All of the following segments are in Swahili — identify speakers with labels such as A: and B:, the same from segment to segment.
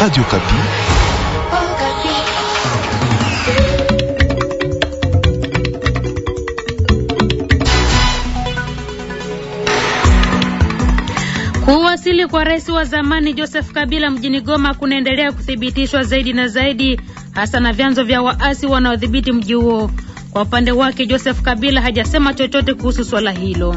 A: Radio Kapi.
B: Kuwasili kwa rais wa zamani Joseph Kabila mjini Goma kunaendelea kuthibitishwa zaidi na zaidi hasa na vyanzo vya waasi wanaodhibiti mji huo. Kwa upande wake Joseph Kabila hajasema chochote kuhusu swala hilo.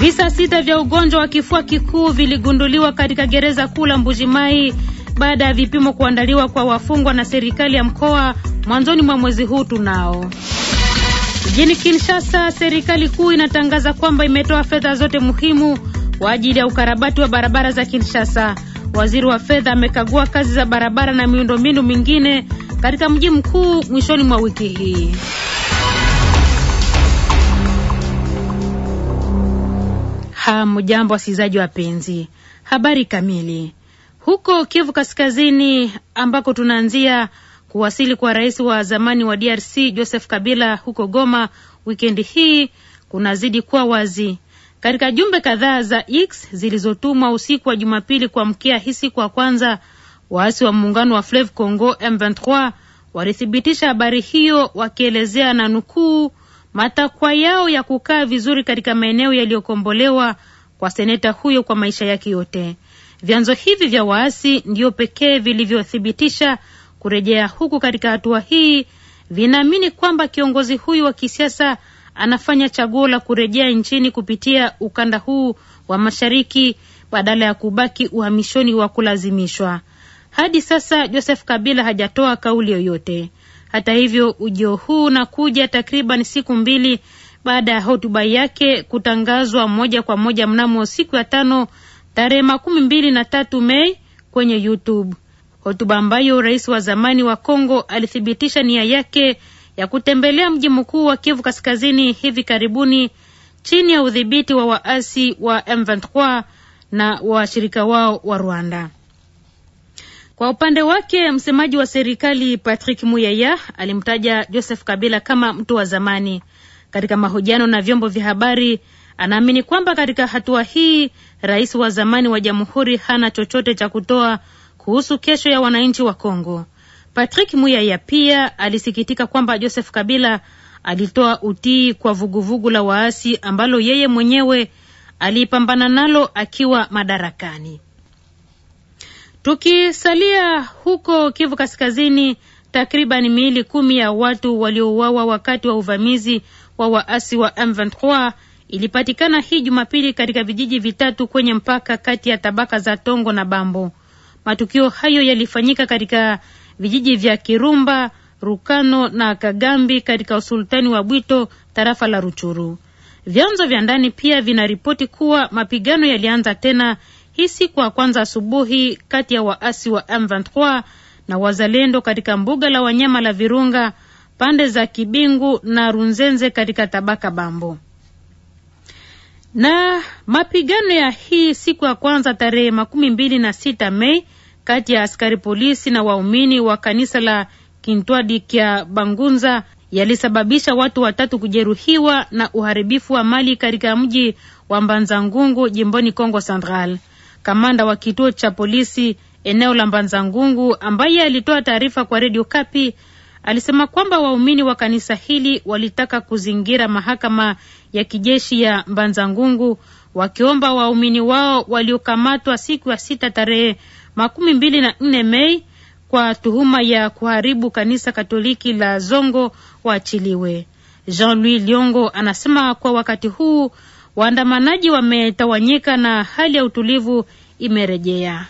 B: Visa sita vya ugonjwa wa kifua kikuu viligunduliwa katika gereza kuu la Mbujimai baada ya vipimo kuandaliwa kwa wafungwa na serikali ya mkoa mwanzoni mwa mwezi huu. Tunao mjini Kinshasa, serikali kuu inatangaza kwamba imetoa fedha zote muhimu kwa ajili ya ukarabati wa barabara za Kinshasa. Waziri wa fedha amekagua kazi za barabara na miundombinu mingine katika mji mkuu mwishoni mwa wiki hii. Hamjambo wasikilizaji wapenzi, habari kamili. Huko Kivu Kaskazini ambako tunaanzia, kuwasili kwa rais wa zamani wa DRC Joseph Kabila huko Goma wikendi hii kunazidi kuwa wazi. Katika jumbe kadhaa za X zilizotumwa usiku wa Jumapili kuamkia hii siku ya kwanza, waasi wa muungano wa Fleuve Congo M23 walithibitisha habari hiyo wakielezea na nukuu matakwa yao ya kukaa vizuri katika maeneo yaliyokombolewa kwa seneta huyo kwa maisha yake yote. Vyanzo hivi vya waasi ndiyo pekee vilivyothibitisha kurejea huku katika hatua hii, vinaamini kwamba kiongozi huyu wa kisiasa anafanya chaguo la kurejea nchini kupitia ukanda huu wa mashariki badala ya kubaki uhamishoni wa kulazimishwa. Hadi sasa Joseph Kabila hajatoa kauli yoyote. Hata hivyo, ujio huu unakuja takriban siku mbili baada ya hotuba yake kutangazwa moja kwa moja mnamo siku ya tano tarehe makumi mbili na tatu Mei kwenye YouTube, hotuba ambayo rais wa zamani wa Kongo alithibitisha nia yake ya kutembelea mji mkuu wa Kivu Kaskazini hivi karibuni chini ya udhibiti wa waasi wa M23 na washirika wao wa Rwanda. Kwa upande wake msemaji wa serikali Patrick Muyaya alimtaja Joseph Kabila kama mtu wa zamani. Katika mahojiano na vyombo vya habari, anaamini kwamba katika hatua hii rais wa zamani wa jamhuri hana chochote cha kutoa kuhusu kesho ya wananchi wa Kongo. Patrick Muyaya pia alisikitika kwamba Joseph Kabila alitoa utii kwa vuguvugu la waasi ambalo yeye mwenyewe aliipambana nalo akiwa madarakani. Tukisalia huko Kivu Kaskazini, takriban miili kumi ya watu waliouawa wakati wa uvamizi wa waasi wa M23 ilipatikana hii Jumapili katika vijiji vitatu kwenye mpaka kati ya tabaka za Tongo na Bambo. Matukio hayo yalifanyika katika vijiji vya Kirumba, Rukano na Kagambi katika usultani wa Bwito, tarafa la Ruchuru. Vyanzo vya ndani pia vinaripoti kuwa mapigano yalianza tena hii siku ya kwanza asubuhi kati ya waasi wa M23 na wazalendo katika mbuga la wanyama la Virunga pande za Kibingu na Runzenze katika tabaka Bambo. Na mapigano ya hii siku ya kwanza tarehe makumi mbili na sita Mei kati ya askari polisi na waumini wa kanisa la Kintwadi kya Bangunza yalisababisha watu watatu kujeruhiwa na uharibifu wa mali katika mji wa Mbanza Ngungu jimboni Kongo Central kamanda wa kituo cha polisi eneo la Mbanza Ngungu, ambaye alitoa taarifa kwa redio Kapi, alisema kwamba waumini wa kanisa hili walitaka kuzingira mahakama ya kijeshi ya Mbanza Ngungu, wakiomba waumini wao waliokamatwa siku ya sita tarehe makumi mbili na nne Mei kwa tuhuma ya kuharibu kanisa Katoliki la Zongo waachiliwe. Jean Louis Liongo anasema kwa wakati huu waandamanaji wametawanyika na hali ya utulivu imerejea.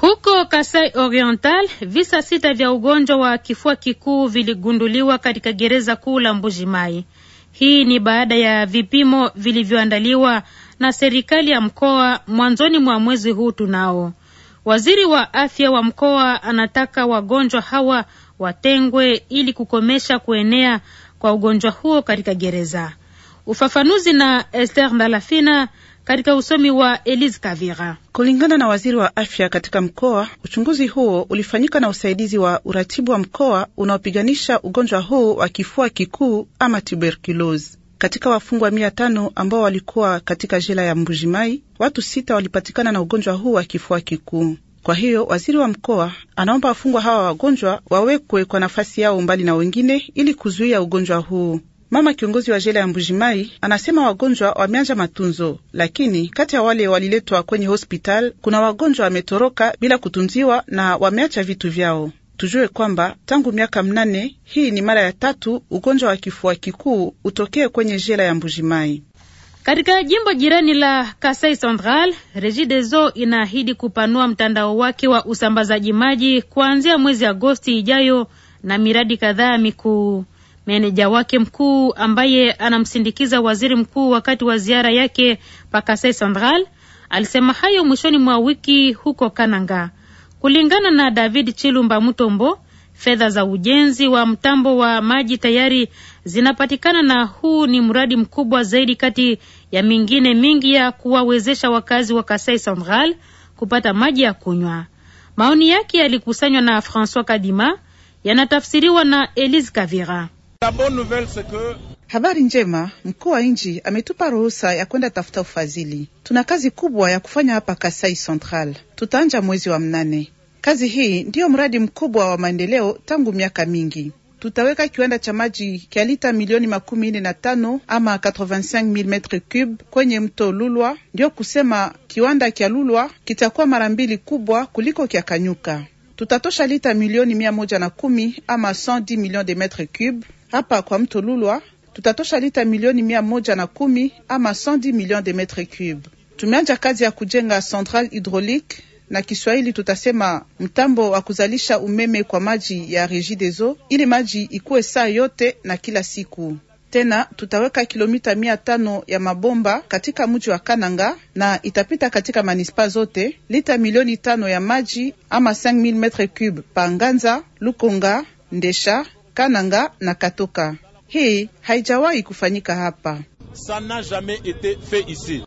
B: Huko Kasai Oriental, visa sita vya ugonjwa wa kifua kikuu viligunduliwa katika gereza kuu la mbuji mai Hii ni baada ya vipimo vilivyoandaliwa na serikali ya mkoa mwanzoni mwa mwezi huu. Tunao waziri wa afya wa mkoa anataka wagonjwa hawa watengwe ili kukomesha kuenea kwa ugonjwa huo katika gereza. Ufafanuzi na Esther Ndalafina katika usomi wa Elise Kavira.
C: Kulingana na waziri wa afya katika mkoa, uchunguzi huo ulifanyika na usaidizi wa uratibu wa mkoa unaopiganisha ugonjwa huu wa kifua kikuu ama tuberculosis. Katika wafungwa mia tano ambao walikuwa katika jela ya Mbujimai, watu sita walipatikana na ugonjwa huu wa kifua kikuu. Kwa hiyo waziri wa mkoa anaomba wafungwa hawa wagonjwa wawekwe kwa nafasi yao mbali na wengine ili kuzuia ugonjwa huu. Mama kiongozi wa jela ya Mbujimai anasema wagonjwa wameanja matunzo, lakini kati ya wale waliletwa kwenye hospital kuna wagonjwa wametoroka bila kutunziwa na wameacha vitu vyao. Tujue kwamba tangu miaka mnane hii ni mara ya tatu ugonjwa wa kifua kikuu utokee kwenye jela ya Mbujimai.
B: Katika jimbo jirani la Kasai Central, Regideso inaahidi kupanua mtandao wake wa usambazaji maji kuanzia mwezi Agosti ijayo na miradi kadhaa mikuu. Meneja wake mkuu ambaye anamsindikiza waziri mkuu wakati wa ziara yake pa Kasai Central alisema hayo mwishoni mwa wiki huko Kananga. Kulingana na David Chilumba Mutombo, fedha za ujenzi wa mtambo wa maji tayari zinapatikana, na huu ni mradi mkubwa zaidi kati ya mingine mingi ya kuwawezesha wakazi wa Kasai Central kupata maji ya kunywa. Maoni yake yalikusanywa na francois Kadima, yanatafsiriwa na Elise Kavira. Habari njema, mkuu wa nchi ametupa ruhusa ya kwenda tafuta
C: ufadhili. Tuna kazi kubwa ya kufanya hapa Kasai Central, tutaanja mwezi wa mnane. Kazi hii ndiyo mradi mkubwa wa maendeleo tangu miaka mingi tutaweka kiwanda cha maji kya lita milioni makumi nne na tano ama mil metre cube kwenye mto Lulwa. Ndiyo kusema kiwanda kya Lulwa kitakuwa mara mbili kubwa kuliko kya Kanyuka. Tutatosha lita milioni mia moja na kumi ama 110 millions de metre cube hapa kwa mto Lulwa tutatosha lita milioni mia moja na kumi ama 110 millions de metre cube. Tumeanja kazi ya kujenga central hydraulique na Kiswahili tutasema mtambo wa kuzalisha umeme kwa maji ya Regideso ili maji ikuwe saa yote na kila siku. Tena tutaweka kilomita mia tano ya mabomba katika mji wa Kananga na itapita katika manispa zote lita milioni tano ya maji ama 5000 m cube pa Nganza, Lukonga, Ndesha, Kananga na Katoka.
B: Hii haijawahi kufanyika hapa.
A: Ça n'a jamais été fait ici.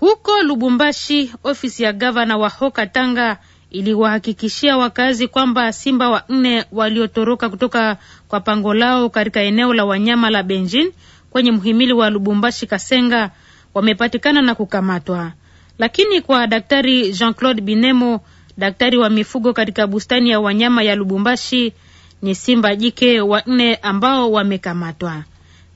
B: Huko Lubumbashi, ofisi ya gavana wa Hoka Tanga iliwahakikishia wakazi kwamba simba wa nne waliotoroka kutoka kwa pango lao katika eneo la wanyama la Benjin kwenye mhimili wa Lubumbashi Kasenga wamepatikana na kukamatwa. Lakini kwa Daktari Jean-Claude Binemo, daktari wa mifugo katika bustani ya wanyama ya Lubumbashi, ni simba jike wanne ambao wamekamatwa.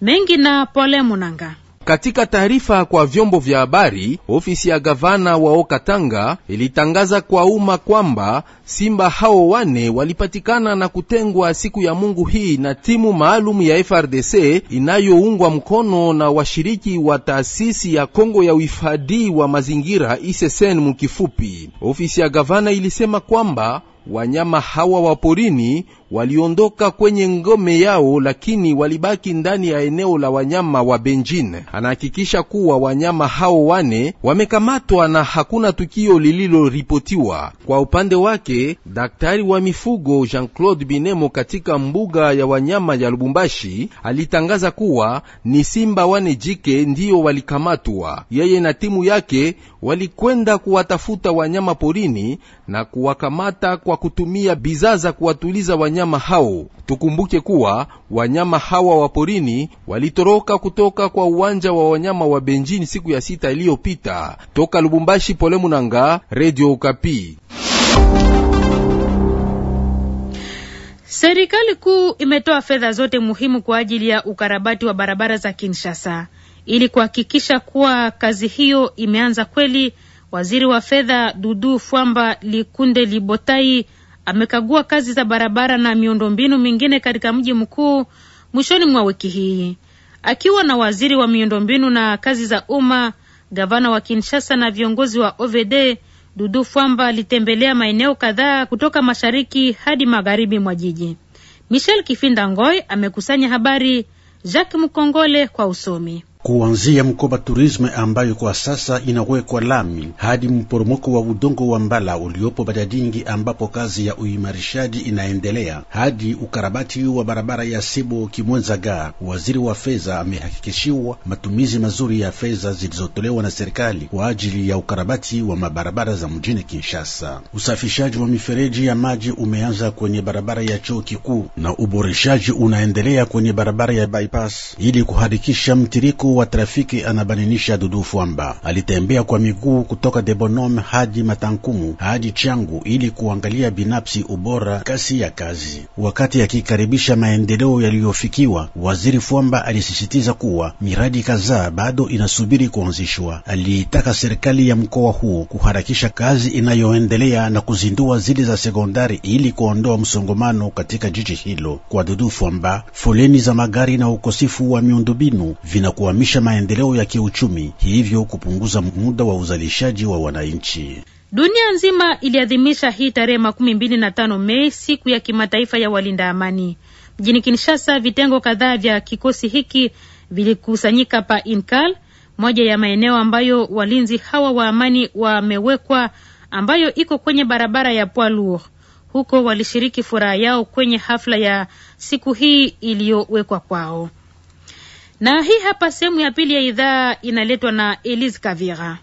B: Mengi na Pole Munanga.
D: Katika taarifa kwa vyombo vya habari, ofisi ya gavana wa Okatanga ilitangaza kwa umma kwamba simba hao wane walipatikana na kutengwa siku ya Mungu hii na timu maalum ya FRDC inayoungwa mkono na washiriki wa taasisi ya Kongo ya uhifadhi wa mazingira ISSN mukifupi Ofisi ya gavana ilisema kwamba wanyama hawa wa porini waliondoka kwenye ngome yao, lakini walibaki ndani ya eneo la wanyama wa Benjin. Anahakikisha kuwa wanyama hao wane wamekamatwa na hakuna tukio lililoripotiwa. Kwa upande wake, daktari wa mifugo Jean-Claude Binemo katika mbuga ya wanyama ya Lubumbashi alitangaza kuwa ni simba wane jike ndiyo walikamatwa. Yeye na timu yake walikwenda kuwatafuta wanyama porini na kuwakamata kwa kutumia bidhaa za kuwatuliza wanyama wanyama hao. Tukumbuke kuwa wanyama hawa wa porini walitoroka kutoka kwa uwanja wa wanyama wa Benjini siku ya sita iliyopita. Toka Lubumbashi, Pole Munanga, Radio Okapi.
B: Serikali kuu imetoa fedha zote muhimu kwa ajili ya ukarabati wa barabara za Kinshasa. Ili kuhakikisha kuwa kazi hiyo imeanza kweli, waziri wa fedha Dudu Fwamba Likunde Libotai amekagua kazi za barabara na miundombinu mingine katika mji mkuu mwishoni mwa wiki hii, akiwa na waziri wa miundombinu na kazi za umma, gavana wa Kinshasa na viongozi wa OVD. Dudu Fwamba alitembelea maeneo kadhaa kutoka mashariki hadi magharibi mwa jiji. Michel Kifinda Ngoy amekusanya habari. Jacques Mkongole kwa usomi
A: kuanzia Mkoba Turisme ambayo kwa sasa inawekwa lami hadi mporomoko wa udongo wa Mbala uliopo Badadingi ambapo kazi ya uimarishaji inaendelea hadi ukarabati wa barabara ya Sibo Kimwenzaga. Waziri wa fedha amehakikishiwa matumizi mazuri ya fedha zilizotolewa na serikali kwa ajili ya ukarabati wa mabarabara za mjini Kinshasa. Usafishaji wa mifereji ya maji umeanza kwenye barabara ya Chuo Kikuu na uboreshaji unaendelea kwenye barabara ya bypass ili kuharakisha mtiriko mkuu wa trafiki anabaninisha Dudu Fwamba alitembea kwa miguu kutoka Debonome hadi Matankumu hadi Changu ili kuangalia binafsi ubora kasi ya kazi. Wakati akikaribisha maendeleo yaliyofikiwa, waziri fwamba alisisitiza kuwa miradi kadhaa bado inasubiri kuanzishwa. Aliitaka serikali ya mkoa huo kuharakisha kazi inayoendelea na kuzindua zile za sekondari ili kuondoa msongomano katika jiji hilo. Kwa Dudu Fwamba, foleni za magari na ukosefu wa miundombinu vinakuwa kudumisha maendeleo ya kiuchumi, hivyo kupunguza muda wa uzalishaji wa wananchi.
B: Dunia nzima iliadhimisha hii tarehe makumi mbili na tano Mei siku ya kimataifa ya walinda amani. Mjini Kinshasa, vitengo kadhaa vya kikosi hiki vilikusanyika pa Inkal, moja ya maeneo ambayo walinzi hawa wa amani wamewekwa, ambayo iko kwenye barabara ya Poilour. Huko walishiriki furaha yao kwenye hafla ya siku hii iliyowekwa kwao na hii hapa sehemu ya pili ya idhaa inaletwa na Elise Kavira,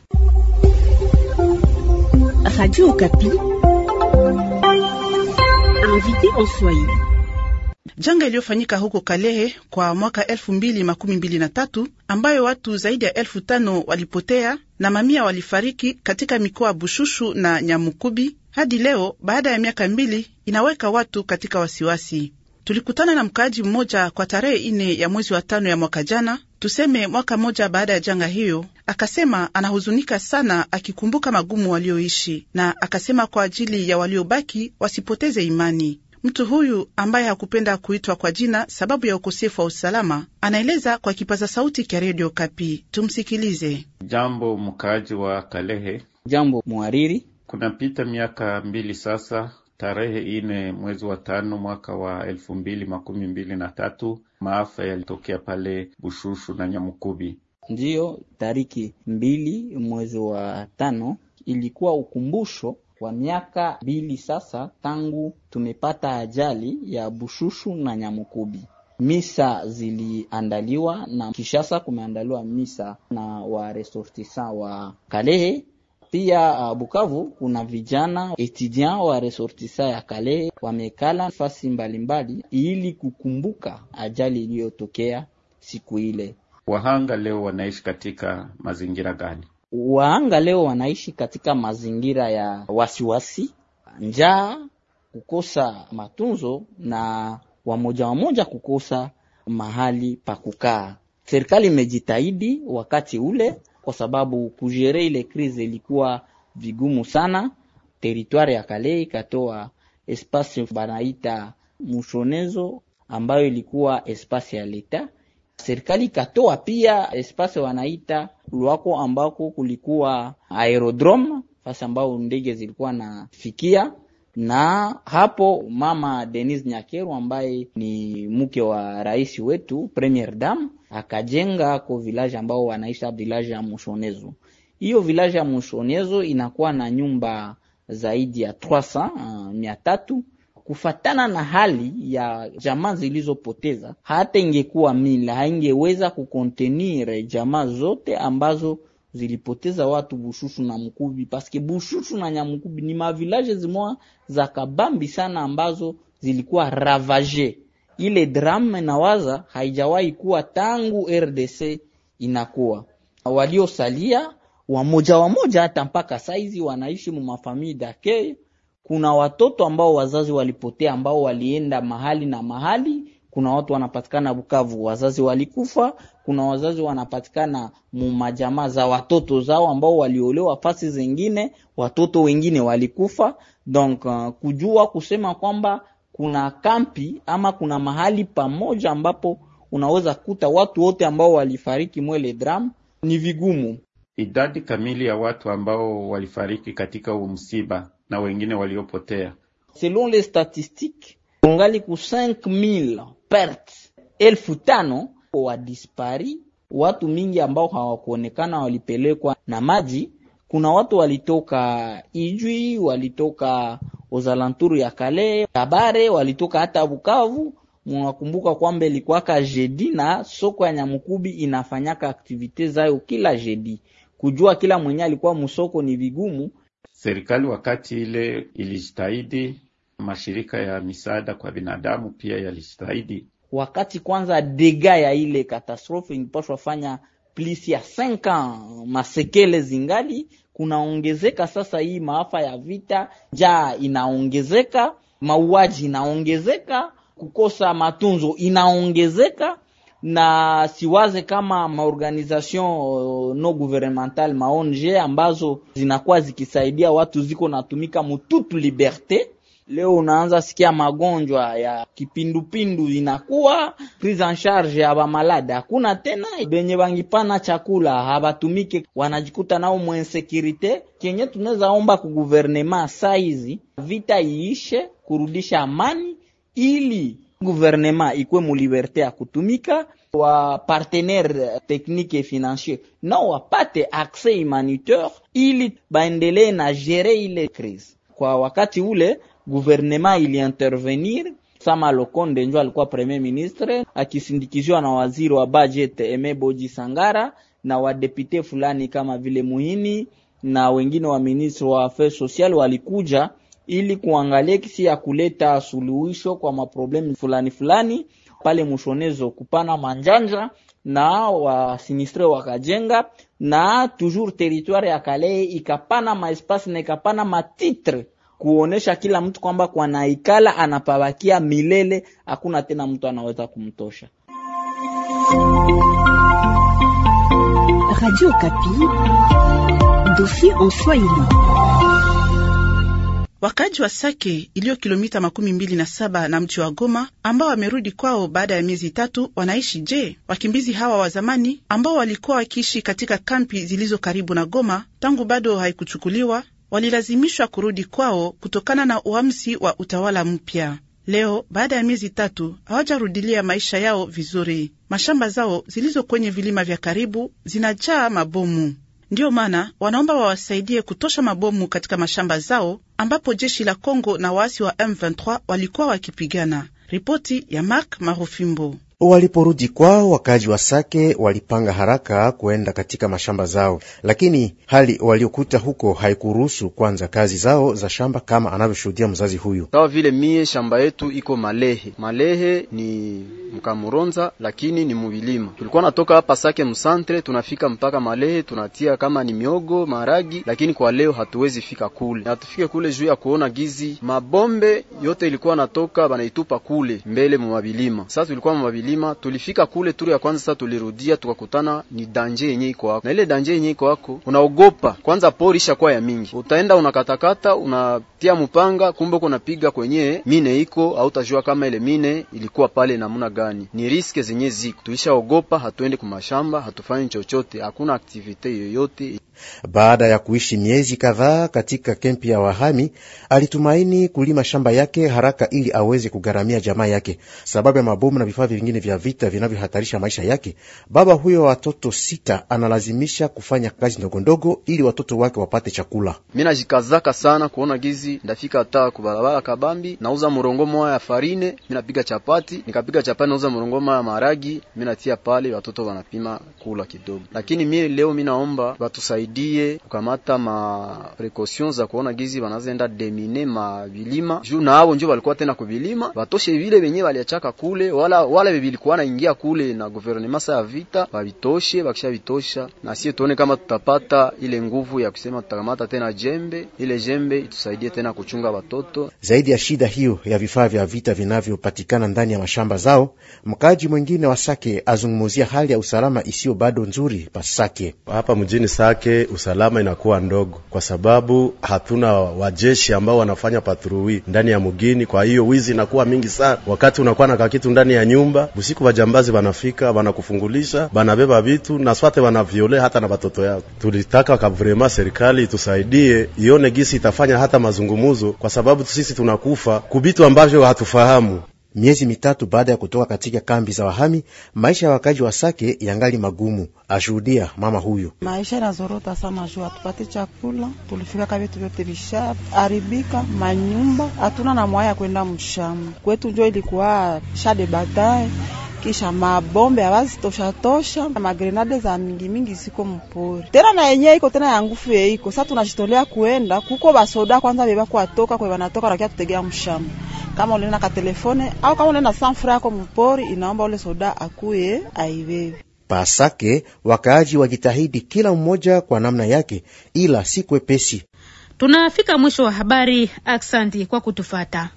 C: Janga iliyofanyika huko Kalehe kwa mwaka elfu mbili makumi mbili na tatu ambayo watu zaidi ya elfu tano walipotea na mamia walifariki katika mikoa Bushushu na Nyamukubi hadi leo baada ya miaka mbili inaweka watu katika wasiwasi. Tulikutana na mkaaji mmoja kwa tarehe ine ya mwezi wa tano ya mwaka jana, tuseme mwaka mmoja baada ya janga hiyo. Akasema anahuzunika sana akikumbuka magumu walioishi, na akasema kwa ajili ya waliobaki wasipoteze imani. Mtu huyu ambaye hakupenda kuitwa kwa jina sababu ya ukosefu wa usalama, anaeleza kwa kipaza sauti kya redio Kapi. Tumsikilize.
E: Jambo mkaaji wa Kalehe. Jambo mwariri. Kunapita miaka mbili sasa tarehe ine mwezi wa tano mwaka wa elfu mbili makumi mbili na tatu maafa yalitokea pale Bushushu na Nyamukubi. Ndiyo, tariki mbili mwezi wa tano ilikuwa ukumbusho wa miaka mbili sasa tangu tumepata ajali ya Bushushu na Nyamukubi. Misa ziliandaliwa na Kishasa, kumeandaliwa misa na waresortisa wa Kalehe pia uh, Bukavu kuna vijana etudian wa resortisa ya kale wamekala fasi mbalimbali ili kukumbuka ajali iliyotokea siku ile. Wahanga leo wanaishi katika mazingira gani? Wahanga leo wanaishi katika mazingira ya wasiwasi, njaa, kukosa matunzo na wamoja wamoja kukosa mahali pa kukaa. Serikali imejitahidi wakati ule kwa sababu kujere ile krize ilikuwa vigumu sana. Teritwari ya Kale ikatoa espasi banaita mushonezo ambayo ilikuwa espasi ya leta. Serikali ikatoa pia espasi wanaita Luako ambako kulikuwa aerodrome fasi ambao ndege zilikuwa nafikia na hapo Mama Denise Nyakeru ambaye ni mke wa rais wetu Premier Dame akajenga ko village ambao wanaisha village ya Mushonezo. Hiyo village ya Mushonezo inakuwa na nyumba zaidi ya 300 uh, mia tatu kufatana na hali ya jamaa zilizopoteza, hata ingekuwa mila haingeweza kukontenire jamaa zote ambazo zilipoteza watu Bushushu na Mkubi, paske Bushushu na nyamkubi ni mavilaje zimoa za kabambi sana ambazo zilikuwa ravage ile drama nawaza haijawahi kuwa tangu RDC inakuwa. Waliosalia wamoja wamoja, hata mpaka saizi wanaishi mu mafamili dake. Kuna watoto ambao wazazi walipotea, ambao walienda mahali na mahali. Kuna watu wanapatikana Bukavu wazazi walikufa, kuna wazazi wanapatikana mu majamaa za watoto zao ambao waliolewa fasi zingine, watoto wengine walikufa. Donc uh, kujua kusema kwamba kuna kampi ama kuna mahali pamoja ambapo unaweza kuta watu wote ambao walifariki mwele dram, ni vigumu. Idadi kamili ya watu ambao walifariki katika huu msiba na wengine waliopotea, selon les statistiques, kungali ku 5000 pert elfu tano wa dispari, watu mingi ambao hawakuonekana, walipelekwa na maji. Kuna watu walitoka Ijwi, walitoka ozalanturu ya kale Kabare, walitoka hata Bukavu. mnakumbuka kwamba ilikwaka jedi na soko ya Nyamukubi inafanyaka aktivite zayo kila jedi. Kujua kila mwenye alikuwa musoko ni vigumu. Serikali wakati ile ilijitahidi, mashirika ya misaada kwa binadamu pia yalijitahidi. Wakati kwanza dega ya ile katastrofe ingipashwa fanya plisi ya 5 masekele zingali kunaongezeka sasa, hii maafa ya vita, njaa inaongezeka, mauaji inaongezeka, kukosa matunzo inaongezeka na siwaze kama maorganization no gouvernemental maong ambazo zinakuwa zikisaidia watu ziko natumika mututu liberte leo unaanza sikia magonjwa ya kipindupindu inakuwa prise en charge ya bamalade hakuna tena, benye bangipana chakula habatumike, wanajikuta nao mwensekirite. Kenye tunaweza omba kuguvernema saizi vita iishe, kurudisha amani, ili guvernema ikwe muliberte ya kutumika, wa partenaire technique et financier nao wapate accès humanitaire, ili baendelee na jere ile crise kwa wakati ule guvernema intervenir Sama Lokonde njo alikuwa premier ministre akisindikizwa na waziri wa budget Emeboji Sangara na wadepute fulani kama vile Muhini na wengine wa ministre wa affaires sociales walikuja ili kuangalia kisi ya kuleta suluhisho kwa maproblemu fulani fulani pale mushonezo kupana manjanja na wasinistre wakajenga na toujours territoire ya Kalehe ikapana maespasi na ikapana matitre kuonesha kila mtu kwamba kwa naikala anapabakia milele, hakuna tena mtu anaweza kumtosha.
B: Radio Kapi,
C: dossier en Swahili. Wakaji wa Sake iliyo kilomita makumi mbili na saba na mji wa Goma ambao wamerudi kwao baada ya miezi tatu wanaishi je? Wakimbizi hawa wa zamani ambao walikuwa wakiishi katika kampi zilizo karibu na Goma tangu bado haikuchukuliwa walilazimishwa kurudi kwao kutokana na uamsi wa utawala mpya. Leo baada ya miezi tatu hawajarudilia maisha yao vizuri. Mashamba zao zilizo kwenye vilima vya karibu zinajaa mabomu. Ndiyo maana wanaomba wawasaidie kutosha mabomu katika mashamba zao ambapo jeshi la Kongo na waasi wa M23 walikuwa wakipigana. Ripoti ya Mark Marofimbo.
F: Waliporudi kwao, wakaji wa Sake walipanga haraka kuenda katika mashamba zao, lakini hali waliokuta huko haikuruhusu kwanza kazi zao za shamba, kama anavyoshuhudia mzazi huyu.
G: Sawa vile mie shamba yetu iko Malehe. Malehe ni Mkamuronza, lakini ni muvilima. Tulikuwa natoka hapa Sake msantre, tunafika mpaka Malehe, tunatia kama ni miogo, maragi lakini kwa leo hatuwezi fika kule, hatufike kule juu ya kuona gizi. Mabombe yote ilikuwa natoka banaitupa kule mbele mumabilima. Sasa tulikuwa mumabilima kulima, tulifika kule turu ya kwanza, sasa tulirudia tukakutana ni danje yenye iko hako, na ile danje yenye iko hako unaogopa kwanza, pori ishakuwa ya mingi, utaenda unakatakata, unatia mpanga, kumbe uko unapiga kwenye mine iko, au utajua kama ile mine ilikuwa pale namna gani. Ni riske zenye ziko, tulishaogopa, hatuende kumashamba, hatufanyi chochote, hakuna aktivite yoyote.
F: Baada ya kuishi miezi kadhaa katika kempi ya wahami, alitumaini kulima shamba yake haraka ili aweze kugharamia jamaa yake, sababu ya mabomu na vifaa vingine vya vita vinavyohatarisha maisha yake. Baba huyo watoto sita analazimisha kufanya kazi ndogondogo ili watoto wake wapate chakula.
G: Mi najikazaka sana kuona gizi ndafika hata kubarabara kabambi, nauza murongo moja ya farine, mi napiga chapati, nikapiga chapati nauza murongo moja ya maragi, mi natia pale watoto wanapima kula kidogo. Lakini mimi leo mi naomba watusaidie kukamata ma precautions za kuona gizi wanazenda demine ma vilima. Juu na hao njoo walikuwa tena kuvilima, watoshe vile wenyewe waliachaka kule wala wala ilikuwa naingia kule na guvernema ya vita babitoshe, bakisha vitosha, na sie tuone kama tutapata ile nguvu ya kusema tutakamata tena jembe, ile jembe itusaidie tena kuchunga watoto. Zaidi
F: ya shida hiyo ya vifaa vya vita vinavyopatikana ndani ya mashamba zao, mkaaji mwingine wa Sake azungumuzia hali ya usalama isiyo bado nzuri pa
A: Sake. Hapa mjini Sake usalama inakuwa ndogo kwa sababu hatuna wajeshi ambao wanafanya patrui ndani ya mugini, kwa hiyo wizi inakuwa mingi sana. Wakati unakuwa na kakitu ndani ya nyumba busiku bajambazi banafika banakufungulisha banabeba vitu na swate banaviole hata na batoto yako. Tulitaka kavrema serikali itusaidie ione gisi itafanya hata mazungumuzo, kwa sababu sisi tunakufa kubitu ambavyo hatufahamu. Miezi mitatu baada ya kutoka katika kambi za wahami,
F: maisha ya wakaji wa Sake yangali magumu, ashuhudia mama huyu.
C: Maisha inazorota sana juu hatupate chakula, tulifika ka vitu vyote vishaharibika, manyumba hatuna na mwaya kwenda mshamu kwetu, njo ilikuwa shade batae kisha mabombe awazitosha tosha, magrenade za mingi mingi ziko mpori tena na yenye iko tena ya ngufu yeiko. Sasa tunajitolea kuenda kuko basoda kwanza beba kuatoka kwe banatoka rakia tutegea mshamba kama ulina ka telefone au kama sans frais yako mpori, inaomba ule soda akuye
B: aibebe
F: pasake. Wakaaji wajitahidi kila mmoja kwa namna yake, ila si kwepesi.
B: Tunafika mwisho wa habari. Aksanti kwa kutufata.